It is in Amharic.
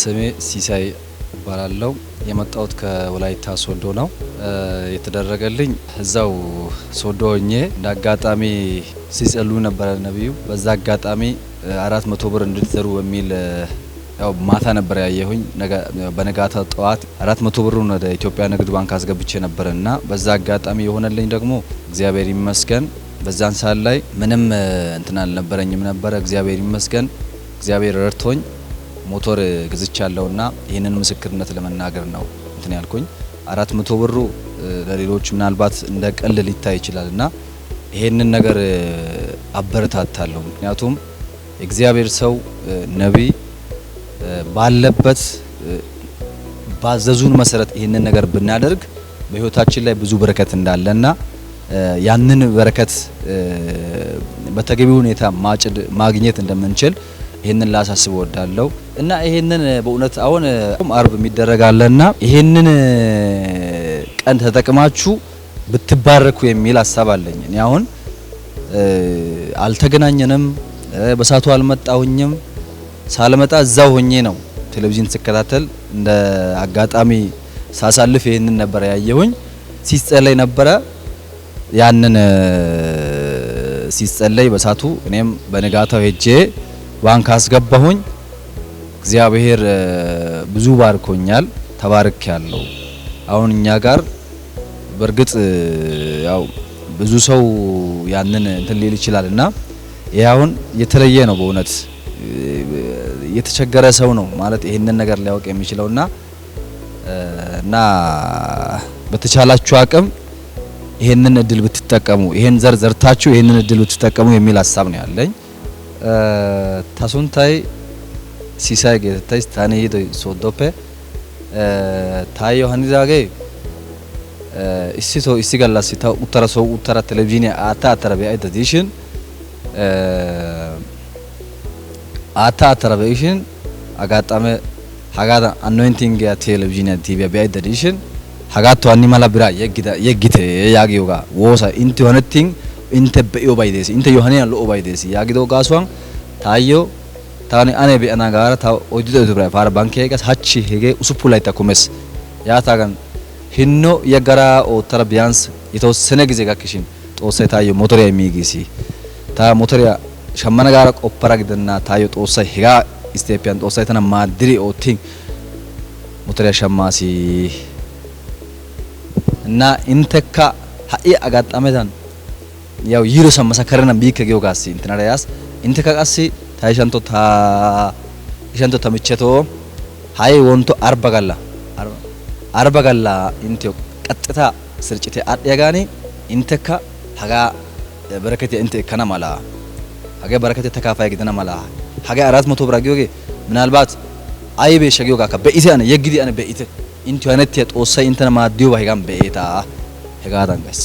ስሜ ሲሳይ እባላለሁ። የመጣሁት ከወላይታ ሶዶ ነው። የተደረገልኝ እዛው ሶዶ ሆኜ እንደ አጋጣሚ ሲጸሉ ነበረ ነቢዩ። በዛ አጋጣሚ አራት መቶ ብር እንድትዘሩ በሚል ያው ማታ ነበር ያየሁኝ። በነጋተ ጠዋት አራት መቶ ብሩን ወደ ኢትዮጵያ ንግድ ባንክ አስገብቼ ነበር እና በዛ አጋጣሚ የሆነልኝ ደግሞ እግዚአብሔር ይመስገን። በዛን ሰዓት ላይ ምንም እንትን አልነበረኝም ነበረ። እግዚአብሔር ይመስገን፣ እግዚአብሔር ረድቶኝ ሞቶር ገዝቻለሁና ይህንን ምስክርነት ለመናገር ነው እንትን ያልኩኝ። አራት መቶ ብሩ ለሌሎች ምናልባት እንደ ቀል ሊታይ ይችላል እና ይህንን ነገር አበረታታለሁ። ምክንያቱም እግዚአብሔር ሰው ነቢይ ባለበት ባዘዙን መሰረት ይህንን ነገር ብናደርግ በህይወታችን ላይ ብዙ በረከት እንዳለና ያንን በረከት በተገቢ ሁኔታ ማጭድ ማግኘት እንደምንችል ይህንን ላሳስብ እወዳለሁ እና ይህንን በእውነት አሁን አርብ የሚደረግ አለና ይህንን ቀን ተጠቅማችሁ ብትባረኩ የሚል ሀሳብ አለኝ። እኔ አሁን አልተገናኘንም፣ በሳቱ አልመጣሁኝም። ሳልመጣ እዛው ሆኜ ነው ቴሌቪዥን ስከታተል እንደ አጋጣሚ ሳሳልፍ ይህንን ነበረ ያየሁኝ። ሲጸለይ ነበረ ያንን ሲጸለይ በሳቱ እኔም በንጋታው ሄጄ ባንክ አስገባሁኝ። እግዚአብሔር ብዙ ባርኮኛል። ተባርክ ያለው አሁን እኛ ጋር በእርግጥ ያው ብዙ ሰው ያንን እንትን ሊል ይችላል እና ይህ አሁን የተለየ ነው። በእውነት የተቸገረ ሰው ነው ማለት ይህንን ነገር ሊያውቅ የሚችለው እና እና በተቻላችሁ አቅም ይህንን እድል ብትጠቀሙ ይህን ዘር ዘርታችሁ ይህንን እድል ብትጠቀሙ የሚል ሀሳብ ነው ያለኝ። ta sunttay Siisay geetettays. Taani yiidoy sooddoppe. Taayyo hanidaagee issitoo issi gallassi ta uttara soo uttara televizhiniya aatta aattara be'ayda diishin aatta aattara be'ishin agaaxame hagaadan anointingiya televizhiniya tiibiya be'ayda diishin hagaatto hanni mala biraa yeggite yaagiyoogaa woosa inttiyo hanettin intte be'iyoobay dees intte yohaniyaan lo"obay dees yaagido gaasuwan taayyo taani ane be'ana gaara ta oyddu xeetu biraa efaara bankkiya eqqas hachchi hegee usuppun laytta kumes yaataagan hinno yaggara oottara biyans yetewssene gize gakkishin xoossay taayyo motoriya immiigis ta motoriya shammana gaara qoppara gidenna taayyo xoossay hegaa isteepiyan xoossay tana maaddiri oottin motoriya shammaasi እና ኢንተካ ሀኢ አጋጣሜታን ያው ይሮ ሰመሰ ከረና ቢከ ጊዮጋስ እንትና ዳያስ እንት ከቀሲ ታይሸንቶ ታ ይሸንቶ ተምቸቶ ሃይ ወንቶ አርባ ጋላ አርባ ጋላ እንት ቀጥታ ስርጭቴ አጥያ ጋኔ እንተካ ሀጋ በረከቴ እንት ከና ማላ ሀጋ በረከቴ ተካፋይ ግደና ማላ ሀጋ አራት መቶ ብራ ጊዮጌ ምናልባት አይቤ ሸጊዮጋ ከ በኢቴ አነ የግዲ አነ በኢቴ እንት ያነት ያ ጦሳይ እንተና ማዲዮ ባይጋም በኢታ ሄጋዳን ጋይስ